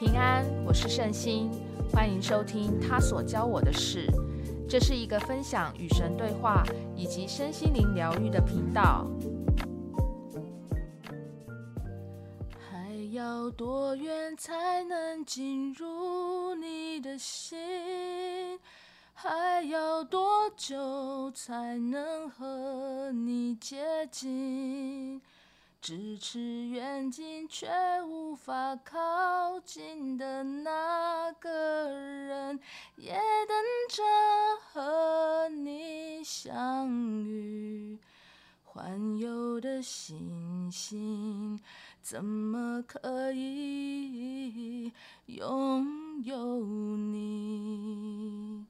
平安，我是聖心，歡迎收聽《他所教我的事》，這是一個分享與神對話以及身心靈療癒的頻道。還要多遠才能進入你的心？還要多久才能和你接近？咫尺遠近卻無法靠近的那個人，也等着和你相遇。環遊的行星，怎麼可以擁有你？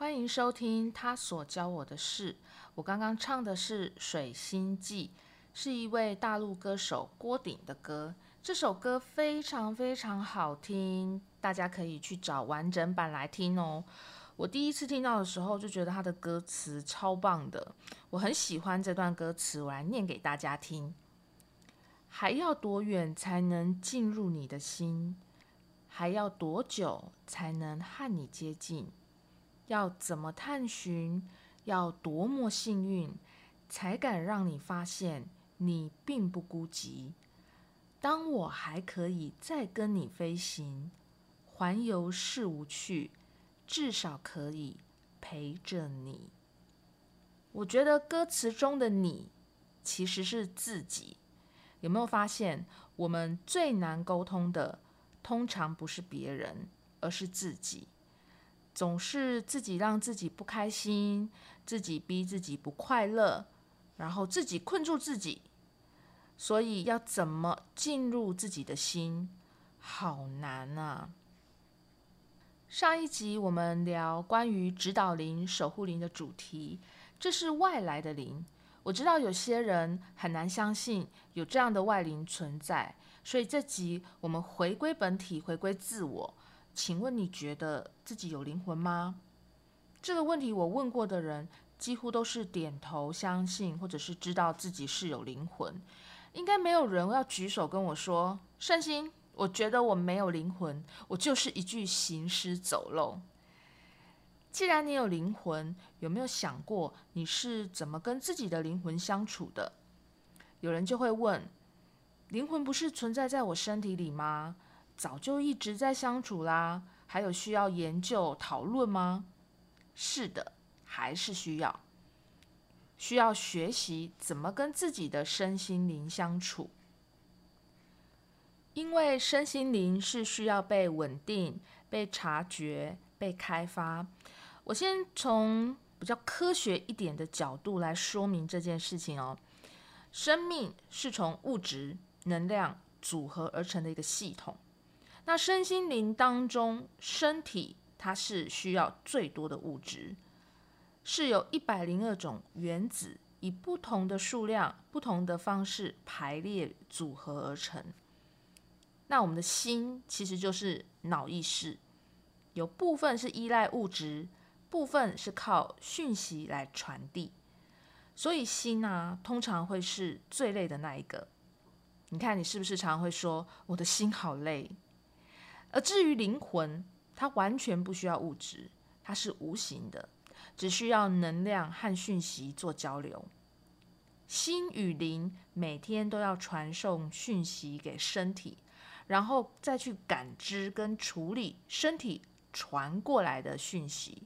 歡迎收聽他所教我的事。我剛剛唱的是《水星記》。是一位大陸歌手郭頂的歌，這首歌非常非常好聽，大家可以去找完整版來聽哦。我第一次聽到的時候就覺得他的歌詞超棒的，我很喜歡這段歌詞，我來念給大家聽。還要多遠才能進入你的心？還要多久才能和你接近？要怎麼探尋？要多麼幸運才敢讓你發現？你並不孤寂，當我還可以再跟你飛行，環遊是無趣，至少可以陪着你。我覺得歌詞中的你其實是自己。有沒有發現，我們最難溝通的，通常不是別人，而是自己。總是自己讓自己不開心，自己逼自己不快樂，然後自己困住自己。所以要怎麼進入自己的心，好難啊！上一集我們聊關於指導靈、守護靈的主題，這是外來的靈。我知道有些人很難相信有這樣的外靈存在，所以這集我們回歸本體，回歸自我。請問你覺得自己有靈魂嗎？這個問題我問過的人，幾乎都是點頭相信，或者是知道自己是有靈魂。應該沒有人要舉手跟我說善心，我覺得我沒有靈魂，我就是一具行屍走肉。既然你有靈魂，有沒有想過你是怎麼跟自己的靈魂相處的？有人就會問：靈魂不是存在在我身體裡嗎？早就一直在相處啦，還有需要研究討論嗎？是的，還是需要。需要學習怎麼跟自己的身心靈相處，因為身心靈是需要被穩定、被察覺、被開發。我先從比較科學一點的角度來說明這件事情哦。生命是從物質能量組合而成的一個系統，那身心靈當中，身體它是需要最多的物質。是由一百零二種原子以不同的數量、不同的方式排列組合而成。那我們的心其實就是腦意識，有部分是依賴物質，部分是靠訊息來傳遞。所以心呢、啊，通常會是最累的那一個。你看，你是不是常會說：“我的心好累？”而至於靈魂，它完全不需要物質，它是無形的。只需要能量和訊息做交流，心與靈每天都要傳送訊息給身體，然後再去感知跟處理身體傳過來的訊息。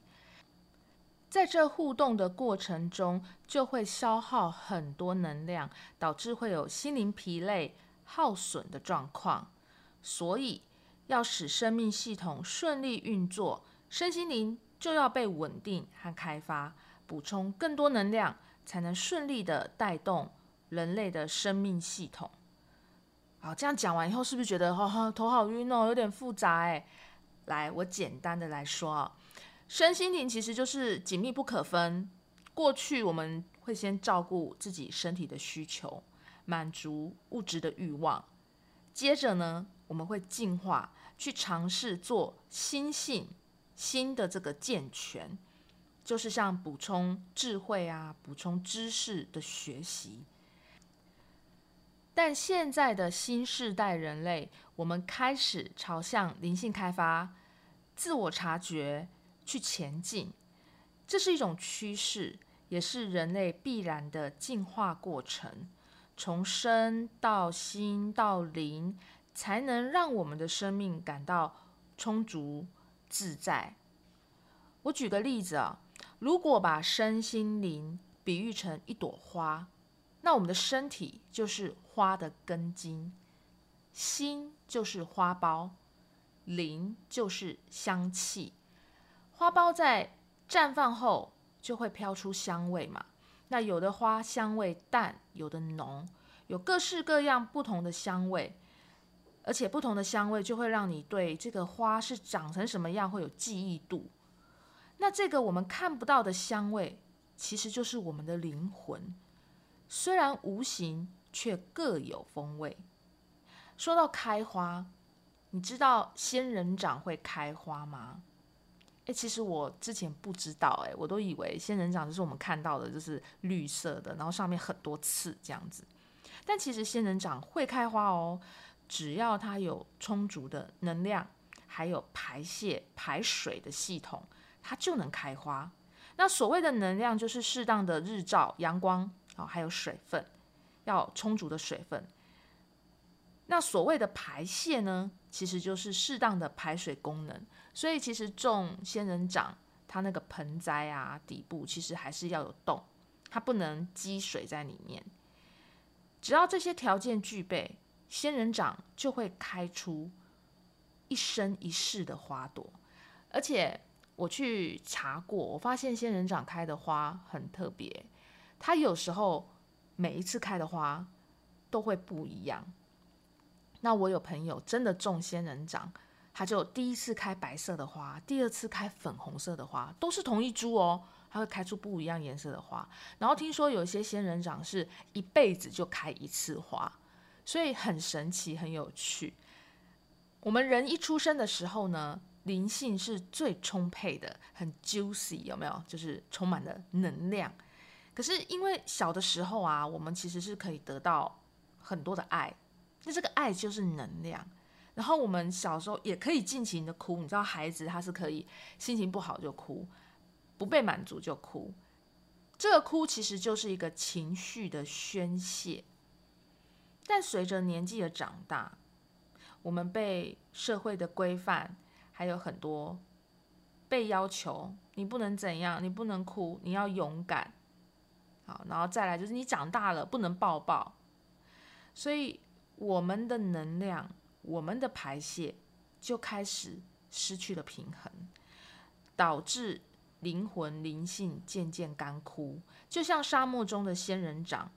在這互動的過程中，就會消耗很多能量，導致會有心靈疲累、耗損的狀況。所以，要使生命系統順利運作，身心靈，就要被穩定和開發，補充更多能量，才能順利地帶動人類的生命系統。好，這樣講完以後，是不是覺得哈哈、哦、頭好暈哦？有點複雜哎。來，我簡單的來說啊，身心靈其實就是緊密不可分。過去我們會先照顧自己身體的需求，滿足物質的欲望，接着呢，我們會進化去嘗試做心性。新的這個健全，就是像補充智慧啊、補充知識的學習。但現在的新世代人類，我們開始朝向靈性開發、自我察覺去前進，這是一種趨勢，也是人類必然的進化過程。從身到心到靈，才能讓我們的生命感到充足。自在。我舉個例子啊，如果把身心靈比喻成一朵花，那我們的身體就是花的根莖，心就是花苞，靈就是香氣。花苞在綻放後就會飄出香味嘛。那有的花香味淡，有的濃，有各式各樣不同的香味。而且不同的香味就會讓你對這個花是長成什麼樣會有記憶度。那這個我們看不到的香味，其實就是我們的靈魂，雖然無形，卻各有風味。說到開花，你知道仙人掌會開花嗎？誒，其實我之前不知道，誒，我都以為仙人掌就是我們看到的，就是綠色的，然後上面很多刺這樣子。但其實仙人掌會開花哦。只要它有充足的能量，還有排泄排水的系統，它就能開花。那所謂的能量就是適當的日照、陽光哦，還有水分，要充足的水分。那所謂的排泄呢，其實就是適當的排水功能。所以其實種仙人掌，它那個盆栽啊底部其實還是要有洞，它不能積水在裡面。只要這些條件具備。仙人掌就會開出一生一世的花朵，而且我去查過，我發現仙人掌開的花很特別，它有時候每一次開的花都會不一樣。那我有朋友真的種仙人掌，他就第一次開白色的花，第二次開粉紅色的花，都是同一株哦，它會開出不一樣顏色的花。然後聽說有些仙人掌是一輩子就開一次花。所以很神奇，很有趣。我們人一出生的時候呢，靈性是最充沛的，很 juicy，有沒有？就是充滿了能量。可是因為小的時候啊，我們其實是可以得到很多的愛，那這個愛就是能量。然後我們小時候也可以盡情的哭，你知道，孩子他是可以心情不好就哭，不被滿足就哭。這個哭其實就是一個情緒的宣洩。但隨着年紀的長大，我們被社會的規範還有很多被要求，你不能怎樣，你不能哭，你要勇敢。好，然後再來就是你長大了，不能抱抱，所以我們的能量，我們的排泄就開始失去了平衡，導致靈魂靈性漸漸乾枯，就像沙漠中的仙人掌，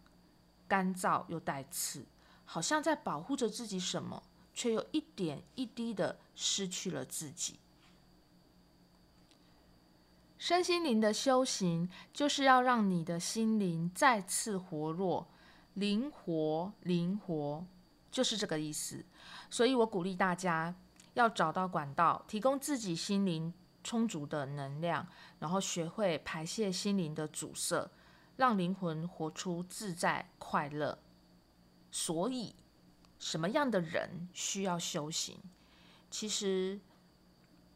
乾燥又帶刺。好像在保護着自己什麼，卻又一點一滴的失去了自己。身心靈的修行就是要讓你的心靈再次活絡、靈活、靈活，就是這個意思。所以我鼓勵大家要找到管道，提供自己心靈充足的能量，然後學會排泄心靈的阻塞，讓靈魂活出自在快樂。所以，什麼樣的人需要修行？其實，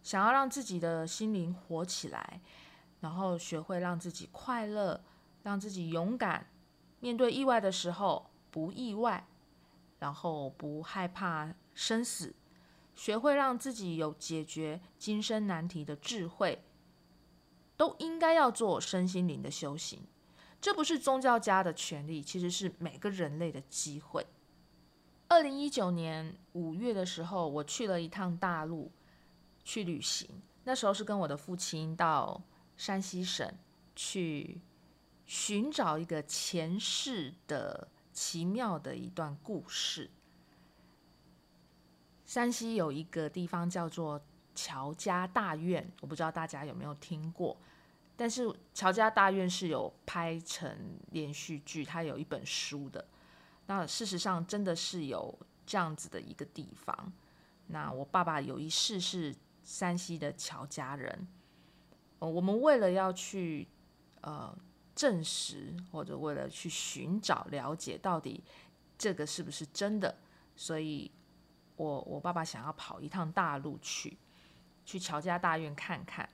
想要讓自己的心靈活起來，然後學會讓自己快樂，讓自己勇敢，面對意外的時候不意外，然後不害怕生死，學會讓自己有解決今生難題的智慧，都應該要做身心靈的修行。這不是宗教家的權利，其實是每個人類的機會。二零一九年五月的時候，我去了一趟大陸去旅行，那時候是跟我的父親到山西省去尋找一個前世的奇妙的一段故事。山西有一個地方叫做喬家大院，我不知道大家有沒有聽過。但是喬家大院是有拍成連續劇，它有一本書的。那事實上真的是有這樣子的一個地方。那我爸爸有一世是山西的喬家人，我們為了要去呃證實或者為了去尋找了解到底這個是不是真的，所以我我爸爸想要跑一趟大陸去，去喬家大院看看。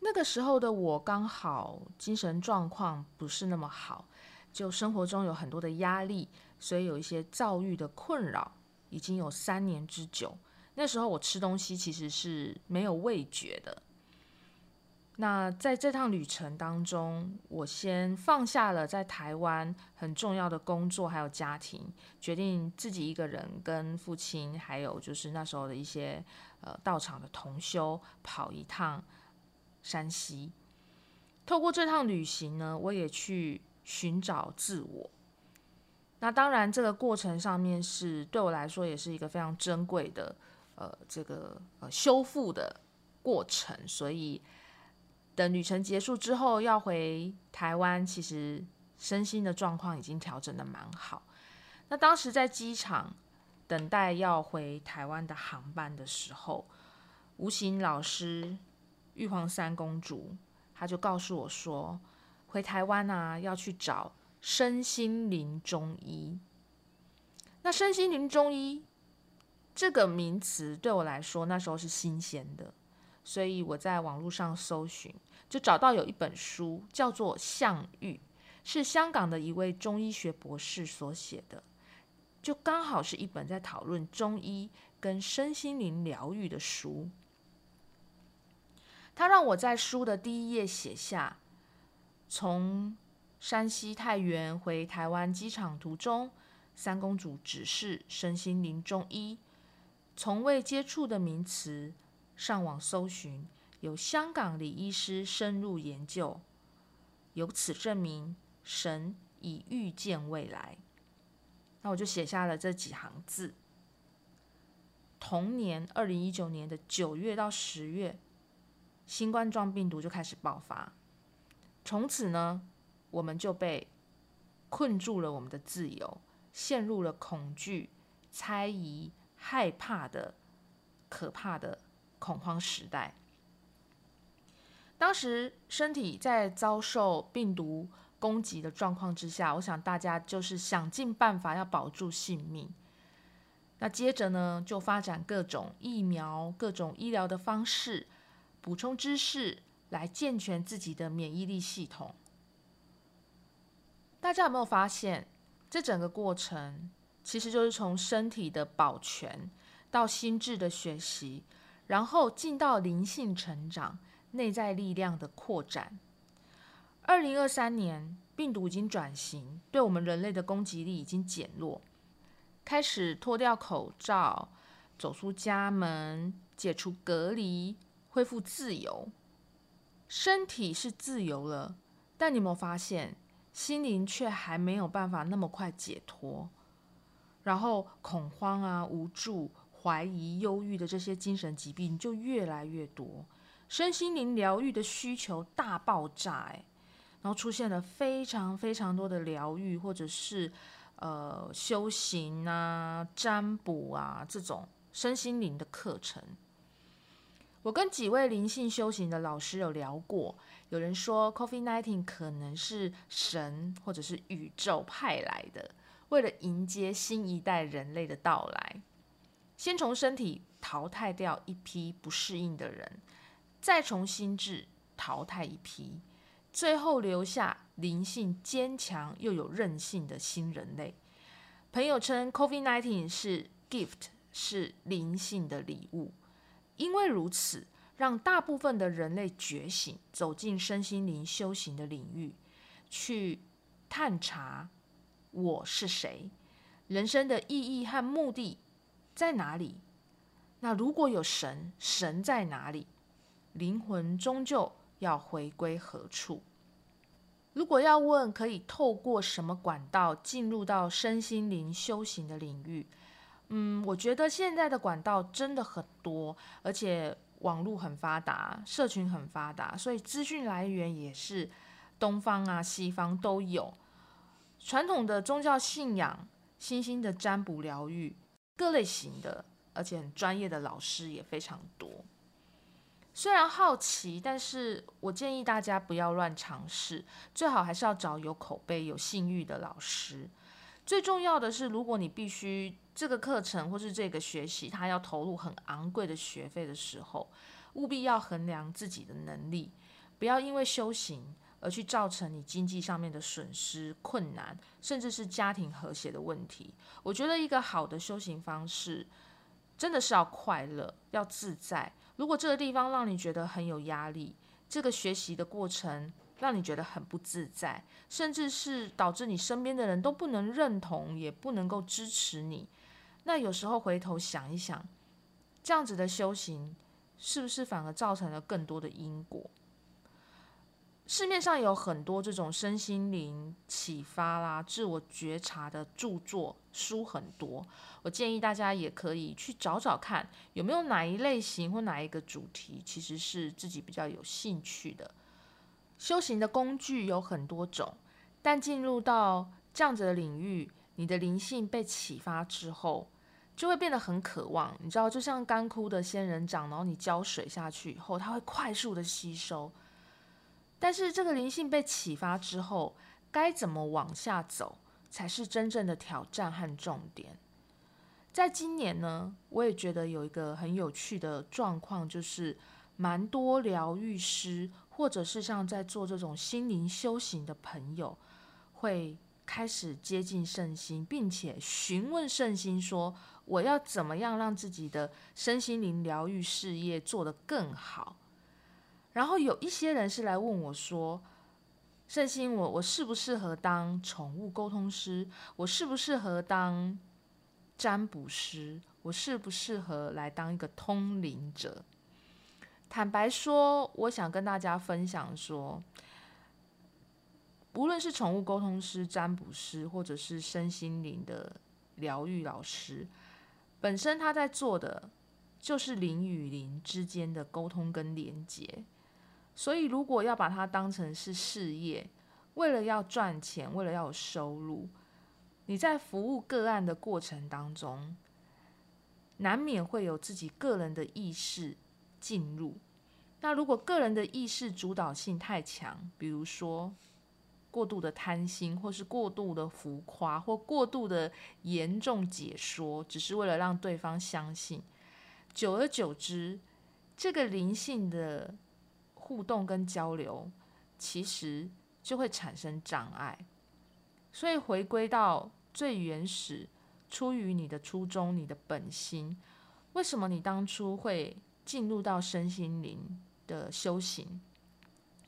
那個時候的我剛好精神狀況不是那麼好，就生活中有很多的壓力，所以有一些躁鬱的困擾，已經有三年之久。那時候我吃東西其實是沒有味覺的。那在這趟旅程當中，我先放下了在台灣很重要的工作還有家庭，決定自己一個人跟父親，還有就是那時候的一些呃道場的同修跑一趟。山西。透過這趟旅行呢，我也去尋找自我。那當然，這個過程上面是對我來說也是一個非常珍貴的，呃，這個呃修復的過程。所以等旅程結束之後，要回台灣，其實身心的狀況已經調整得蠻好。那當時在機場等待要回台灣的航班的時候，吳行老師。玉皇三公主，她就告訴我說：“回台灣啊，要去找身心靈中醫。”那身心靈中醫這個名詞對我來說，那時候是新鮮的，所以我在網絡上搜尋，就找到有一本書叫做《向癒》，是香港的一位中醫學博士所寫的，就剛好是一本在討論中醫跟身心靈療癒的書。他讓我在書的第一頁寫下：“從山西太原回台灣機場途中，三公主指示身心靈中醫從未接觸的名詞，上網搜尋，有香港李醫師深入研究，由此證明神已預見未來。”那我就寫下了這幾行字。同年二零一九年的九月到十月。新冠狀病毒就開始爆發，從此呢，我們就被困住了，我們的自由，陷入了恐懼、猜疑、害怕的可怕的恐慌時代。當時身體在遭受病毒攻擊的狀況之下，我想大家就是想盡辦法要保住性命。那接着呢，就發展各種疫苗、各種醫療的方式。補充知識來健全自己的免疫力系統。大家有沒有發現，這整個過程其實就是從身體的保全到心智的學習，然後進到靈性成長、內在力量的擴展。二零二三年，病毒已經轉型，對我們人類的攻擊力已經減弱，開始脫掉口罩，走出家門，解除隔離。恢復自由，身體是自由了，但你有沒有發現，心靈卻還沒有辦法那麼快解脫？然後恐慌啊、無助、懷疑、憂鬱的這些精神疾病就越來越多，身心靈療癒的需求大爆炸誒，然後出現了非常非常多的療癒，或者是呃修行啊、占卜啊這種身心靈的課程。我跟幾位靈性修行的老師有聊過，有人說 COVID-19 可能是神或者是宇宙派來的，為了迎接新一代人類的到來，先從身體淘汰掉一批不適應的人，再從心智淘汰一批，最後留下靈性堅強又有韌性的新人類。朋友稱 COVID-19 是 gift，是靈性的禮物。因為如此，讓大部分的人類覺醒，走進身心靈修行的領域，去探查我是誰，人生的意義和目的在哪裡？那如果有神，神在哪裡？靈魂終究要回歸何處？如果要問，可以透過什麼管道進入到身心靈修行的領域？嗯，我覺得現在的管道真的很多，而且網絡很發達，社群很發達，所以資訊來源也是東方啊、西方都有。傳統的宗教信仰、新興的占卜療癒，各類型的，而且很專業的老師也非常多。雖然好奇，但是我建議大家不要亂嘗試，最好還是要找有口碑、有信譽的老師。最重要的是，如果你必須這個課程或是這個學習，它要投入很昂貴的學費的時候，務必要衡量自己的能力，不要因為修行而去造成你經濟上面的損失、困難，甚至是家庭和諧的問題。我覺得一個好的修行方式，真的是要快樂、要自在。如果這個地方讓你覺得很有壓力，這個學習的過程。讓你覺得很不自在，甚至是導致你身邊的人都不能認同，也不能夠支持你。那有時候回頭想一想，這樣子的修行，是不是反而造成了更多的因果？市面上有很多這種身心靈啟發啦、自我覺察的著作，書很多，我建議大家也可以去找找看，有沒有哪一類型或哪一個主題，其實是自己比較有興趣的。修行的工具有很多種，但進入到這樣子的領域，你的靈性被啟發之後，就會變得很渴望。你知道，就像乾枯的仙人掌，然後你澆水下去以後，它會快速的吸收。但是這個靈性被啟發之後，該怎麼往下走，才是真正的挑戰和重點。在今年呢，我也覺得有一個很有趣的狀況，就是蠻多療癒師。或者是像在做這種心靈修行的朋友，會開始接近聖心，並且詢問聖心說：“我要怎麼樣讓自己的身心靈療癒事業做得更好？”然後有一些人是來問我說：“聖心，我我適不適合當寵物溝通師？我適不適合當占卜師？我適不適合來當一個通靈者？”坦白說，我想跟大家分享說，不論是寵物溝通師、占卜師，或者是身心靈的療癒老師，本身他在做的就是靈與靈之間的溝通跟連接。所以，如果要把它當成是事業，為了要賺錢，為了要有收入，你在服務個案的過程當中，難免會有自己個人的意識。進入。那，如果個人的意識主導性太強，比如說過度的貪心，或是過度的浮誇，或過度的嚴重解說，只是為了讓對方相信，久而久之，這個靈性的互動跟交流，其實就會產生障礙。所以回歸到最原始，出於你的初衷，你的本心，為什麼你當初會進入到身心靈的修行，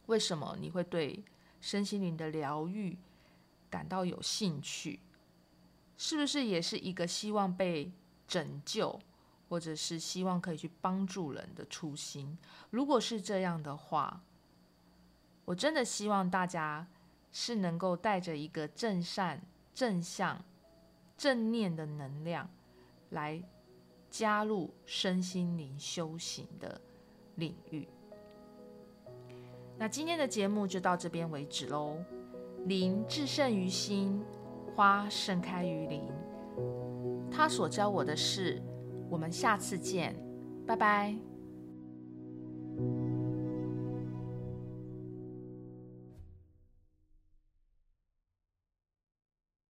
為什麼你會對身心靈的療癒感到有興趣？是不是也是一個希望被拯救，或者是希望可以去幫助人的初心？如果是這樣的話，我真的希望大家是能夠帶着一個正善、正向、正念的能量來。加入身心靈修行的領域。那今天的節目就到這邊為止嘍。靈至勝於心，花盛開於林。祂所教我的事，我們下次見，拜拜。